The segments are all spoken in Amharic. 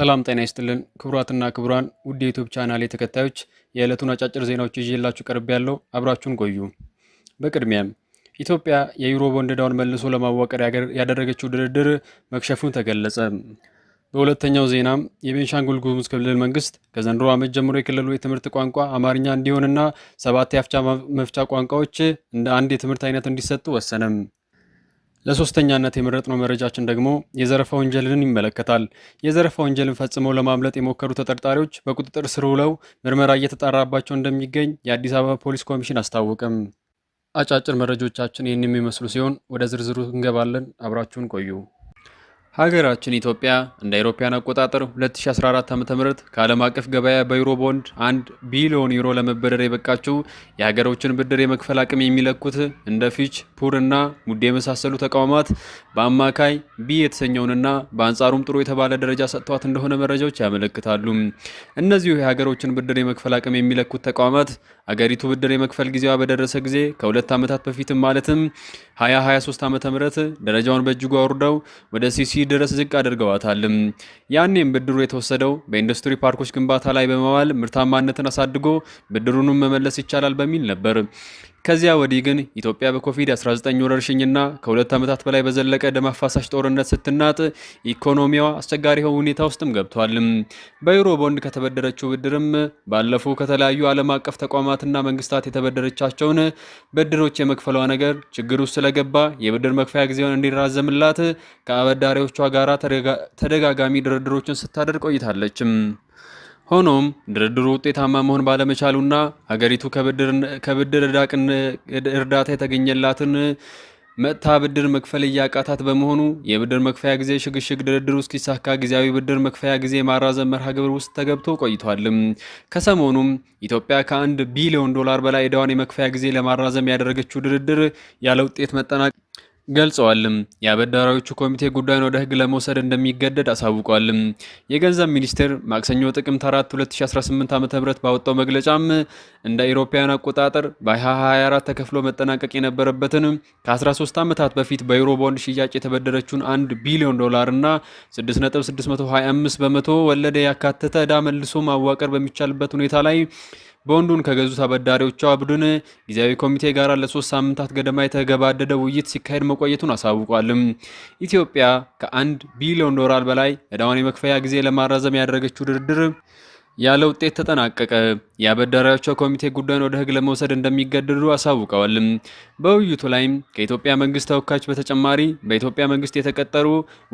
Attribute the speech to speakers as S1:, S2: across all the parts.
S1: ሰላም ጤና ይስጥልን ክቡራትና ክቡራን ውድ የዩቱብ ቻናል ተከታዮች የዕለቱን አጫጭር ዜናዎች ይዤላችሁ ቀርብ ያለው አብራችሁን ቆዩ። በቅድሚያም ኢትዮጵያ የዩሮ ቦንድ ዕዳውን መልሶ ለማዋቀር ያደረገችው ድርድር መክሸፉን ተገለጸ። በሁለተኛው ዜናም የቤንሻንጉል ጉሙዝ ክልል መንግስት ከዘንድሮ ዓመት ጀምሮ የክልሉ የትምህርት ቋንቋ አማርኛ እንዲሆንና ሰባት የአፍቻ መፍቻ ቋንቋዎች እንደ አንድ የትምህርት አይነት እንዲሰጡ ወሰነም። ለሶስተኛነት የመረጥነው መረጃችን ደግሞ የዘረፋ ወንጀልን ይመለከታል። የዘረፋ ወንጀልን ፈጽመው ለማምለጥ የሞከሩ ተጠርጣሪዎች በቁጥጥር ስር ውለው ምርመራ እየተጣራባቸው እንደሚገኝ የአዲስ አበባ ፖሊስ ኮሚሽን አስታወቅም። አጫጭር መረጃዎቻችን ይህን የሚመስሉ ሲሆን ወደ ዝርዝሩ እንገባለን። አብራችሁን ቆዩ። ሀገራችን ኢትዮጵያ እንደ አውሮፓውያን አቆጣጠር 2014 ም ከዓለም አቀፍ ገበያ በዩሮ ቦንድ 1 ቢሊዮን ዩሮ ለመበደር የበቃችው የሀገሮችን ብድር የመክፈል አቅም የሚለኩት እንደ ፊች፣ ፑር እና ሙዴ የመሳሰሉ ተቋማት በአማካይ ቢ የተሰኘውንና በአንጻሩም ጥሩ የተባለ ደረጃ ሰጥተዋት እንደሆነ መረጃዎች ያመለክታሉ። እነዚሁ የሀገሮችን ብድር የመክፈል አቅም የሚለኩት ተቋማት አገሪቱ ብድር የመክፈል ጊዜዋ በደረሰ ጊዜ ከሁለት ዓመታት በፊትም ማለትም 2023 ም ደረጃውን በእጅጉ አውርደው ወደ ሲሲ ድረስ ዝቅ አድርገዋታልም። ያኔም ብድሩ የተወሰደው በኢንዱስትሪ ፓርኮች ግንባታ ላይ በመዋል ምርታማነትን አሳድጎ ብድሩንም መመለስ ይቻላል በሚል ነበር። ከዚያ ወዲህ ግን ኢትዮጵያ በኮቪድ-19 ወረርሽኝና ከሁለት ዓመታት በላይ በዘለቀ ደም አፋሳሽ ጦርነት ስትናጥ ኢኮኖሚዋ አስቸጋሪ ሁኔታ ውስጥም ገብቷል። በዩሮ ቦንድ ከተበደረችው ብድርም ባለፉ ከተለያዩ ዓለም አቀፍ ተቋማትና መንግስታት የተበደረቻቸውን ብድሮች የመክፈሏ ነገር ችግር ውስጥ ስለገባ የብድር መክፈያ ጊዜውን እንዲራዘምላት ከአበዳሪዎቿ ጋራ ተደጋጋሚ ድርድሮችን ስታደርግ ቆይታለችም። ሆኖም ድርድሩ ውጤታማ መሆን ባለመቻሉና ሀገሪቱ ከብድር እርዳታ የተገኘላትን መጥታ ብድር መክፈል እያቃታት በመሆኑ የብድር መክፈያ ጊዜ ሽግሽግ ድርድሩ እስኪሳካ ጊዜያዊ ብድር መክፈያ ጊዜ ማራዘም መርሃ ግብር ውስጥ ተገብቶ ቆይቷልም። ከሰሞኑም ኢትዮጵያ ከአንድ ቢሊዮን ዶላር በላይ ዕዳዋን የመክፈያ ጊዜ ለማራዘም ያደረገችው ድርድር ያለ ውጤት መጠናቀ ገልጸዋልም። የአበዳሪዎቹ ኮሚቴ ጉዳዩን ወደ ህግ ለመውሰድ እንደሚገደድ አሳውቋልም። የገንዘብ ሚኒስቴር ማክሰኞ ጥቅምት 4 2018 ም ባወጣው መግለጫም እንደ አውሮፓውያን አቆጣጠር በ2024 ተከፍሎ መጠናቀቅ የነበረበትን ከ13 ዓመታት በፊት በዩሮ ቦንድ ሽያጭ የተበደረችውን 1 ቢሊዮን ዶላርና 6.625 በመቶ ወለድ ያካተተ ዕዳ መልሶ ማዋቀር በሚቻልበት ሁኔታ ላይ ቦንዱን ከገዙ ተበዳሪዎቿ ቡድን ጊዜያዊ ኮሚቴ ጋር ለሶስት ሳምንታት ገደማ የተገባደደ ውይይት ሲካሄድ መቆየቱን አሳውቋልም። ኢትዮጵያ ከአንድ ቢሊዮን ዶላር በላይ ዕዳዋን የመክፈያ ጊዜ ለማራዘም ያደረገችው ድርድር ያለ ውጤት ተጠናቀቀ። የአበዳሪያቸው ኮሚቴ ጉዳዩን ወደ ህግ ለመውሰድ እንደሚገደዱ አሳውቀዋል። በውይይቱ ላይም ከኢትዮጵያ መንግስት ተወካዮች በተጨማሪ በኢትዮጵያ መንግስት የተቀጠሩ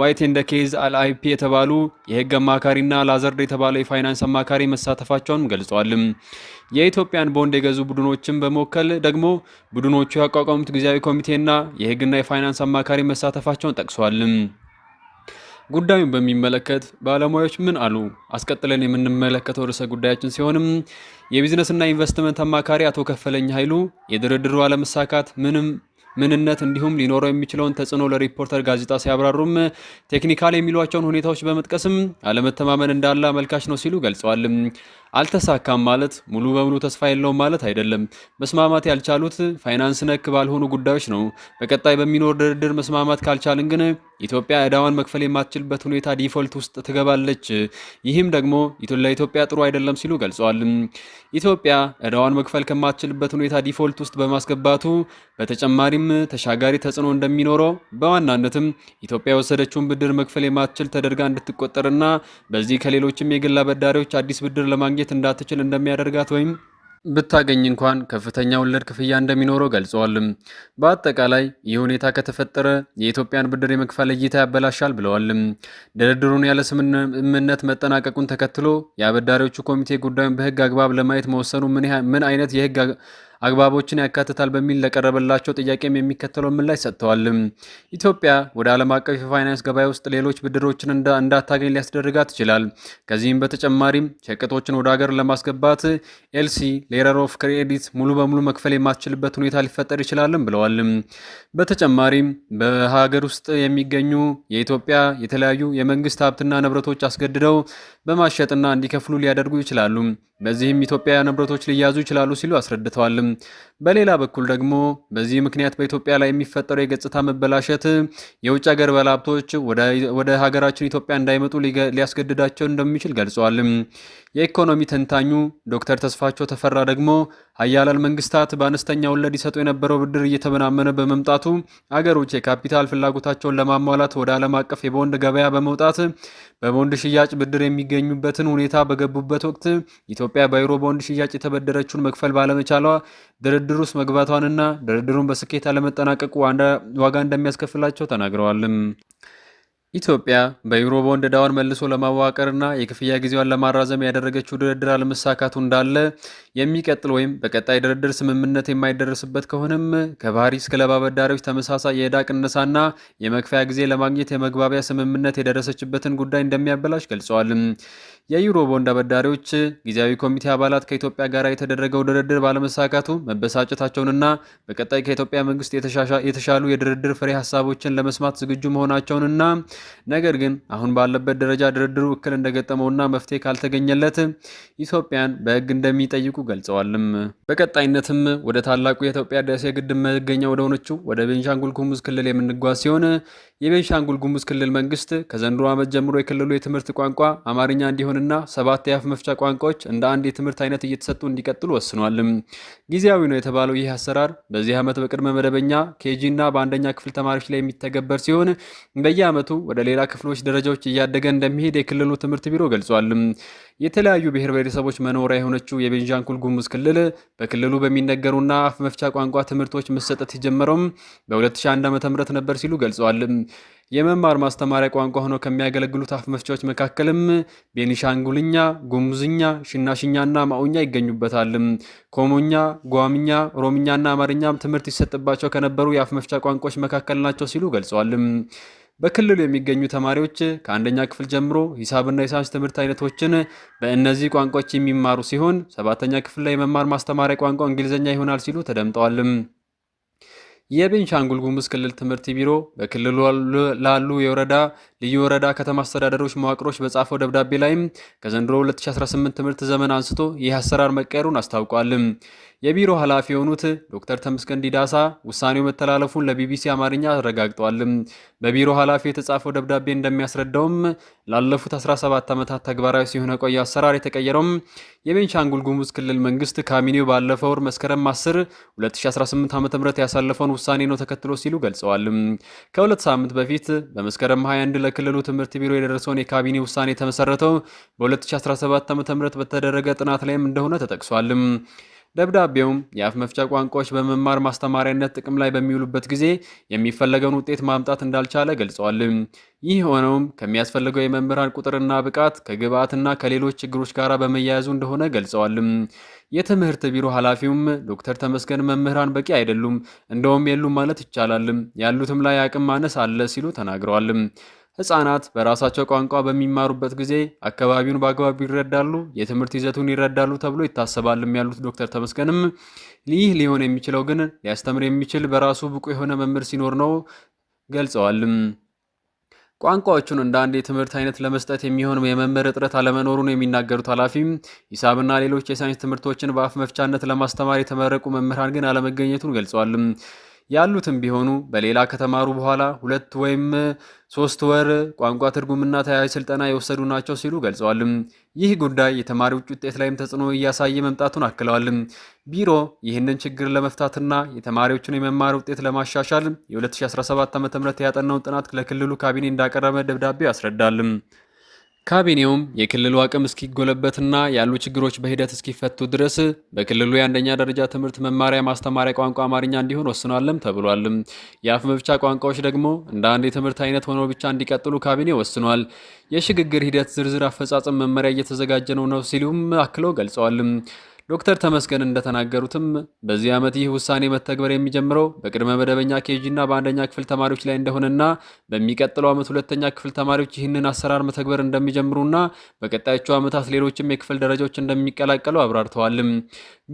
S1: ዋይት ኤንድ ኬዝ አልአይፒ የተባሉ የህግ አማካሪና ላዘርድ የተባለው የፋይናንስ አማካሪ መሳተፋቸውን ገልጸዋል። የኢትዮጵያን ቦንድ የገዙ ቡድኖችን በመወከል ደግሞ ቡድኖቹ ያቋቋሙት ጊዜያዊ ኮሚቴና የህግና የፋይናንስ አማካሪ መሳተፋቸውን ጠቅሷል። ጉዳዩን በሚመለከት ባለሙያዎች ምን አሉ? አስቀጥለን የምንመለከተው ርዕሰ ጉዳያችን ሲሆንም የቢዝነስና ኢንቨስትመንት አማካሪ አቶ ከፈለኝ ኃይሉ የድርድሩ አለመሳካት ምንም ምንነት እንዲሁም ሊኖረው የሚችለውን ተጽዕኖ ለሪፖርተር ጋዜጣ ሲያብራሩም ቴክኒካል የሚሏቸውን ሁኔታዎች በመጥቀስም አለመተማመን እንዳለ አመልካች ነው ሲሉ ገልጸዋል። አልተሳካም ማለት ሙሉ በሙሉ ተስፋ የለውም ማለት አይደለም። መስማማት ያልቻሉት ፋይናንስ ነክ ባልሆኑ ጉዳዮች ነው። በቀጣይ በሚኖር ድርድር መስማማት ካልቻልን ግን ኢትዮጵያ እዳዋን መክፈል የማትችልበት ሁኔታ ዲፎልት ውስጥ ትገባለች። ይህም ደግሞ ለኢትዮጵያ ጥሩ አይደለም ሲሉ ገልጸዋል። ኢትዮጵያ እዳዋን መክፈል ከማትችልበት ሁኔታ ዲፎልት ውስጥ በማስገባቱ በተጨማሪም ተሻጋሪ ተጽዕኖ እንደሚኖረው በዋናነትም ኢትዮጵያ የወሰደችውን ብድር መክፈል የማትችል ተደርጋ እንድትቆጠርና በዚህ ከሌሎችም የግል አበዳሪዎች አዲስ ብድር ለማግኘት ማግኘት እንዳትችል እንደሚያደርጋት ወይም ብታገኝ እንኳን ከፍተኛ ወለድ ክፍያ እንደሚኖረው ገልጸዋል። በአጠቃላይ ይህ ሁኔታ ከተፈጠረ የኢትዮጵያን ብድር የመክፈል እይታ ያበላሻል ብለዋል። ድርድሩን ያለ ስምምነት መጠናቀቁን ተከትሎ የአበዳሪዎቹ ኮሚቴ ጉዳዩን በሕግ አግባብ ለማየት መወሰኑ ምን አይነት የሕግ አግባቦችን ያካትታል በሚል ለቀረበላቸው ጥያቄም የሚከተለው ምላሽ ሰጥተዋል። ኢትዮጵያ ወደ ዓለም አቀፍ የፋይናንስ ገበያ ውስጥ ሌሎች ብድሮችን እንዳታገኝ ሊያስደርጋት ይችላል። ከዚህም በተጨማሪም ሸቀጦችን ወደ ሀገር ለማስገባት ኤልሲ ሌረር ኦፍ ክሬዲት ሙሉ በሙሉ መክፈል የማትችልበት ሁኔታ ሊፈጠር ይችላልም ብለዋል። በተጨማሪም በሀገር ውስጥ የሚገኙ የኢትዮጵያ የተለያዩ የመንግስት ሀብትና ንብረቶች አስገድደው በማሸጥና እንዲከፍሉ ሊያደርጉ ይችላሉ። በዚህም ኢትዮጵያ ንብረቶች ሊያዙ ይችላሉ ሲሉ አስረድተዋልም። በሌላ በኩል ደግሞ በዚህ ምክንያት በኢትዮጵያ ላይ የሚፈጠረው የገጽታ መበላሸት የውጭ ሀገር ባለሀብቶች ወደ ሀገራችን ኢትዮጵያ እንዳይመጡ ሊያስገድዳቸው እንደሚችል ገልጸዋልም። የኢኮኖሚ ተንታኙ ዶክተር ተስፋቸው ተፈራ ደግሞ ሀያላን መንግስታት በአነስተኛ ወለድ ይሰጡ የነበረው ብድር እየተመናመነ በመምጣቱ አገሮች የካፒታል ፍላጎታቸውን ለማሟላት ወደ ዓለም አቀፍ የቦንድ ገበያ በመውጣት በቦንድ ሽያጭ ብድር የሚገኙበትን ሁኔታ በገቡበት ወቅት ኢትዮጵያ በዩሮ ቦንድ ሽያጭ የተበደረችውን መክፈል ባለመቻሏ ድርድር ውስጥ መግባቷንና ድርድሩን በስኬት አለመጠናቀቁ ዋጋ እንደሚያስከፍላቸው ተናግረዋልም። ኢትዮጵያ በዩሮ ቦንድ ዕዳዋን መልሶ ለማዋቀርና የክፍያ ጊዜዋን ለማራዘም ያደረገችው ድርድር አለመሳካቱ እንዳለ የሚቀጥል ወይም በቀጣይ ድርድር ስምምነት የማይደረስበት ከሆነም ከፓሪስ ክለብ አበዳሪዎች ተመሳሳይ የዕዳ ቅነሳና የመክፈያ ጊዜ ለማግኘት የመግባቢያ ስምምነት የደረሰችበትን ጉዳይ እንደሚያበላሽ ገልጸዋል። የዩሮ ቦንድ አበዳሪዎች ጊዜያዊ ኮሚቴ አባላት ከኢትዮጵያ ጋር የተደረገው ድርድር ባለመሳካቱ መበሳጨታቸውንና በቀጣይ ከኢትዮጵያ መንግስት የተሻሉ የድርድር ፍሬ ሀሳቦችን ለመስማት ዝግጁ መሆናቸውንና ነገር ግን አሁን ባለበት ደረጃ ድርድሩ እክል እንደገጠመውና መፍትሄ ካልተገኘለት ኢትዮጵያን በህግ እንደሚጠይቁ ገልጸዋልም። በቀጣይነትም ወደ ታላቁ የኢትዮጵያ ህዳሴ ግድብ መገኛ ወደ ሆነችው ወደ ቤንሻንጉል ጉሙዝ ክልል የምንጓዝ ሲሆን የቤንሻንጉል ጉሙዝ ክልል መንግስት ከዘንድሮ ዓመት ጀምሮ የክልሉ የትምህርት ቋንቋ አማርኛ እንዲሆንና ሰባት የአፍ መፍቻ ቋንቋዎች እንደ አንድ የትምህርት አይነት እየተሰጡ እንዲቀጥሉ ወስኗልም። ጊዜያዊ ነው የተባለው ይህ አሰራር በዚህ ዓመት በቅድመ መደበኛ ኬጂ እና በአንደኛ ክፍል ተማሪዎች ላይ የሚተገበር ሲሆን በየዓመቱ ወደ ሌላ ክፍሎች ደረጃዎች እያደገ እንደሚሄድ የክልሉ ትምህርት ቢሮ ገልጿል። የተለያዩ ብሔር ብሔረሰቦች መኖሪያ የሆነችው የቤንሻንጉል ጉሙዝ ክልል በክልሉ በሚነገሩና አፍ መፍቻ ቋንቋ ትምህርቶች መሰጠት የጀመረውም በ2001 ዓ ም ነበር ሲሉ ገልጸዋል። የመማር ማስተማሪያ ቋንቋ ሆነው ከሚያገለግሉት አፍ መፍቻዎች መካከልም ቤኒሻንጉልኛ፣ ጉሙዝኛ፣ ሽናሽኛና ማኦኛ ይገኙበታል። ኮሞኛ፣ ጓምኛ፣ ኦሮምኛና አማርኛም ትምህርት ይሰጥባቸው ከነበሩ የአፍ መፍቻ ቋንቋዎች መካከል ናቸው ሲሉ ገልጸዋል። በክልሉ የሚገኙ ተማሪዎች ከአንደኛ ክፍል ጀምሮ ሂሳብና የሳይንስ ትምህርት አይነቶችን በእነዚህ ቋንቋዎች የሚማሩ ሲሆን ሰባተኛ ክፍል ላይ የመማር ማስተማሪያ ቋንቋ እንግሊዝኛ ይሆናል ሲሉ ተደምጠዋልም። የቤንሻንጉል ጉሙዝ ክልል ትምህርት ቢሮ በክልሉ ላሉ የወረዳ ልዩ ወረዳ ከተማ አስተዳደሮች መዋቅሮች በጻፈው ደብዳቤ ላይም ከዘንድሮ 2018 ትምህርት ዘመን አንስቶ ይህ አሰራር መቀየሩን አስታውቋልም። የቢሮ ኃላፊ የሆኑት ዶክተር ተመስገን ዲዳሳ ውሳኔው መተላለፉን ለቢቢሲ አማርኛ አረጋግጠዋል። በቢሮ ኃላፊ የተጻፈው ደብዳቤ እንደሚያስረዳውም ላለፉት 17 ዓመታት ተግባራዊ ሲሆን የቆየ አሰራር የተቀየረውም የቤንሻንጉል ጉሙዝ ክልል መንግስት ካቢኔው ባለፈው ወር መስከረም 10 2018 ዓ.ም ያሳለፈውን ውሳኔ ነው ተከትሎ ሲሉ ገልጸዋል። ከሁለት ሳምንት በፊት በመስከረም 21 ለክልሉ ትምህርት ቢሮ የደረሰውን የካቢኔ ውሳኔ የተመሰረተው በ2017 ዓ.ም በተደረገ ጥናት ላይም እንደሆነ ተጠቅሷል። ደብዳቤውም የአፍ መፍቻ ቋንቋዎች በመማር ማስተማሪያነት ጥቅም ላይ በሚውሉበት ጊዜ የሚፈለገውን ውጤት ማምጣት እንዳልቻለ ገልጸዋል። ይህ ሆነውም ከሚያስፈልገው የመምህራን ቁጥርና ብቃት ከግብዓትና ከሌሎች ችግሮች ጋር በመያያዙ እንደሆነ ገልጸዋል። የትምህርት ቢሮ ኃላፊውም ዶክተር ተመስገን መምህራን በቂ አይደሉም፣ እንደውም የሉም ማለት ይቻላል፣ ያሉትም ላይ አቅም ማነስ አለ ሲሉ ተናግረዋል። ህጻናት በራሳቸው ቋንቋ በሚማሩበት ጊዜ አካባቢውን በአግባቡ ይረዳሉ፣ የትምህርት ይዘቱን ይረዳሉ ተብሎ ይታሰባልም ያሉት ዶክተር ተመስገንም ይህ ሊሆን የሚችለው ግን ሊያስተምር የሚችል በራሱ ብቁ የሆነ መምህር ሲኖር ነው ገልጸዋልም። ቋንቋዎቹን እንደ አንድ የትምህርት አይነት ለመስጠት የሚሆን የመምህር እጥረት አለመኖሩን የሚናገሩት ኃላፊም ሂሳብና ሌሎች የሳይንስ ትምህርቶችን በአፍ መፍቻነት ለማስተማር የተመረቁ መምህራን ግን አለመገኘቱን ገልጸዋልም። ያሉትም ቢሆኑ በሌላ ከተማሩ በኋላ ሁለት ወይም ሶስት ወር ቋንቋ ትርጉምና ተያያዥ ስልጠና የወሰዱ ናቸው ሲሉ ገልጸዋልም። ይህ ጉዳይ የተማሪዎች ውጤት ላይም ተጽዕኖ እያሳየ መምጣቱን አክለዋልም። ቢሮ ይህንን ችግር ለመፍታትና የተማሪዎችን የመማር ውጤት ለማሻሻል የ2017 ዓ ም ያጠናውን ጥናት ለክልሉ ካቢኔ እንዳቀረበ ደብዳቤው ያስረዳልም። ካቢኔውም የክልሉ አቅም እስኪጎለበትና ያሉ ችግሮች በሂደት እስኪፈቱ ድረስ በክልሉ የአንደኛ ደረጃ ትምህርት መማሪያ ማስተማሪያ ቋንቋ አማርኛ እንዲሆን ወስኗልም ተብሏልም። የአፍ መፍቻ ቋንቋዎች ደግሞ እንደ አንድ የትምህርት አይነት ሆነው ብቻ እንዲቀጥሉ ካቢኔ ወስኗል። የሽግግር ሂደት ዝርዝር አፈጻጸም መመሪያ እየተዘጋጀ ነው ነው ሲሉም አክለው ገልጸዋልም። ዶክተር ተመስገን እንደተናገሩትም በዚህ ዓመት ይህ ውሳኔ መተግበር የሚጀምረው በቅድመ መደበኛ ኬጂና በአንደኛ ክፍል ተማሪዎች ላይ እንደሆነና በሚቀጥለው ዓመት ሁለተኛ ክፍል ተማሪዎች ይህንን አሰራር መተግበር እንደሚጀምሩና በቀጣዮቹ ዓመታት ሌሎችም የክፍል ደረጃዎች እንደሚቀላቀሉ አብራርተዋልም።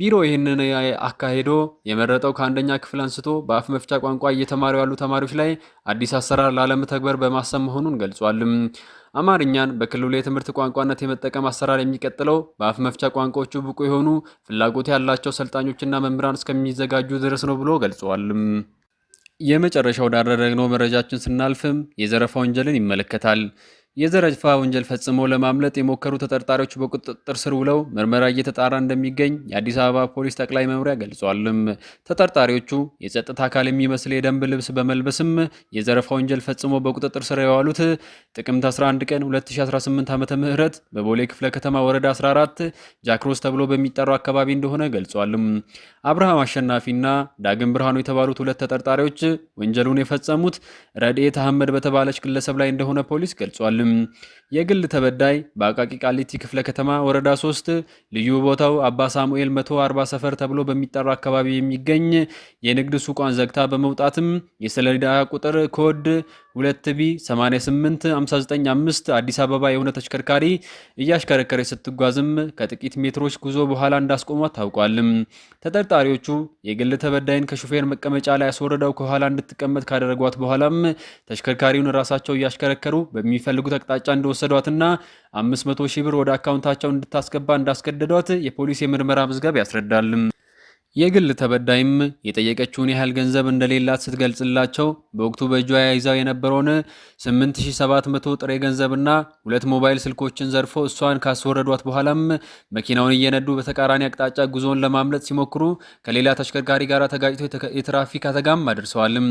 S1: ቢሮ ይህንን አካሄዶ የመረጠው ከአንደኛ ክፍል አንስቶ በአፍ መፍቻ ቋንቋ እየተማሩ ያሉ ተማሪዎች ላይ አዲስ አሰራር ላለመተግበር በማሰብ መሆኑን ገልጿልም። አማርኛን በክልሉ የትምህርት ቋንቋነት የመጠቀም አሰራር የሚቀጥለው በአፍ መፍቻ ቋንቋዎቹ ብቁ የሆኑ ፍላጎት ያላቸው ሰልጣኞችና መምህራን እስከሚዘጋጁ ድረስ ነው ብሎ ገልጸዋልም። የመጨረሻው ወዳደረግነው መረጃችን ስናልፍም የዘረፋ ወንጀልን ይመለከታል። የዘረፋ ወንጀል ፈጽመው ለማምለጥ የሞከሩ ተጠርጣሪዎች በቁጥጥር ስር ውለው ምርመራ እየተጣራ እንደሚገኝ የአዲስ አበባ ፖሊስ ጠቅላይ መምሪያ ገልጿልም። ተጠርጣሪዎቹ የጸጥታ አካል የሚመስል የደንብ ልብስ በመልበስም የዘረፋ ወንጀል ፈጽሞ በቁጥጥር ስር የዋሉት ጥቅምት 11 ቀን 2018 ዓ ም በቦሌ ክፍለ ከተማ ወረዳ 14 ጃክሮስ ተብሎ በሚጠራው አካባቢ እንደሆነ ገልጿልም። አብርሃም አሸናፊና ዳግም ብርሃኑ የተባሉት ሁለት ተጠርጣሪዎች ወንጀሉን የፈጸሙት ረድኤት አህመድ በተባለች ግለሰብ ላይ እንደሆነ ፖሊስ ገልጿል። አይችልም። የግል ተበዳይ በአቃቂ ቃሊቲ ክፍለ ከተማ ወረዳ 3 ልዩ ቦታው አባ ሳሙኤል 140 ሰፈር ተብሎ በሚጠራ አካባቢ የሚገኝ የንግድ ሱቋን ዘግታ በመውጣትም የሰሌዳ ቁጥር ኮድ ሁለት ቢ 88595 አዲስ አበባ የሆነ ተሽከርካሪ እያሽከረከረች ስትጓዝም ከጥቂት ሜትሮች ጉዞ በኋላ እንዳስቆሟት ታውቋልም። ተጠርጣሪዎቹ የግል ተበዳይን ከሹፌር መቀመጫ ላይ አስወርደው ከኋላ እንድትቀመጥ ካደረጓት በኋላም ተሽከርካሪውን ራሳቸው እያሽከረከሩ በሚፈልጉት አቅጣጫ እንደወሰዷትና 500 ሺህ ብር ወደ አካውንታቸው እንድታስገባ እንዳስገደዷት የፖሊስ የምርመራ መዝገብ ያስረዳልም። የግል ተበዳይም የጠየቀችውን ያህል ገንዘብ እንደሌላት ስትገልጽላቸው በወቅቱ በእጇ ያይዛው የነበረውን 8700 ጥሬ ገንዘብና ሁለት ሞባይል ስልኮችን ዘርፎ እሷን ካስወረዷት በኋላም መኪናውን እየነዱ በተቃራኒ አቅጣጫ ጉዞን ለማምለጥ ሲሞክሩ ከሌላ ተሽከርካሪ ጋር ተጋጭቶ የትራፊክ አደጋም አድርሰዋልም።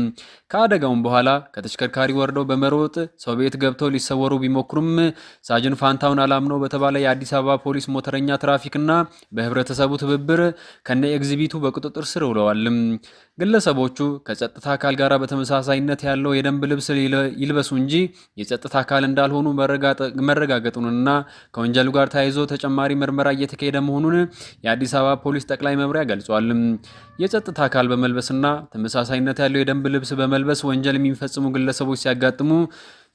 S1: ከአደጋውም በኋላ ከተሽከርካሪ ወርደው በመሮጥ ሰው ቤት ገብተው ሊሰወሩ ቢሞክሩም ሳጅን ፋንታውን አላምነው በተባለ የአዲስ አበባ ፖሊስ ሞተረኛ ትራፊክና በህብረተሰቡ ትብብር ከነ ኤግዚቢት በሌሊቱ በቁጥጥር ስር ውለዋል። ግለሰቦቹ ከጸጥታ አካል ጋር በተመሳሳይነት ያለው የደንብ ልብስ ይልበሱ እንጂ የጸጥታ አካል እንዳልሆኑ መረጋገጡንና ከወንጀሉ ጋር ተያይዞ ተጨማሪ ምርመራ እየተካሄደ መሆኑን የአዲስ አበባ ፖሊስ ጠቅላይ መምሪያ ገልጿል። የጸጥታ አካል በመልበስና ተመሳሳይነት ያለው የደንብ ልብስ በመልበስ ወንጀል የሚፈጽሙ ግለሰቦች ሲያጋጥሙ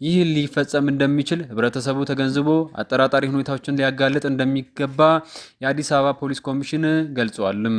S1: ይህ ሊፈጸም እንደሚችል ህብረተሰቡ ተገንዝቦ አጠራጣሪ ሁኔታዎችን ሊያጋልጥ እንደሚገባ የአዲስ አበባ ፖሊስ ኮሚሽን ገልጿልም።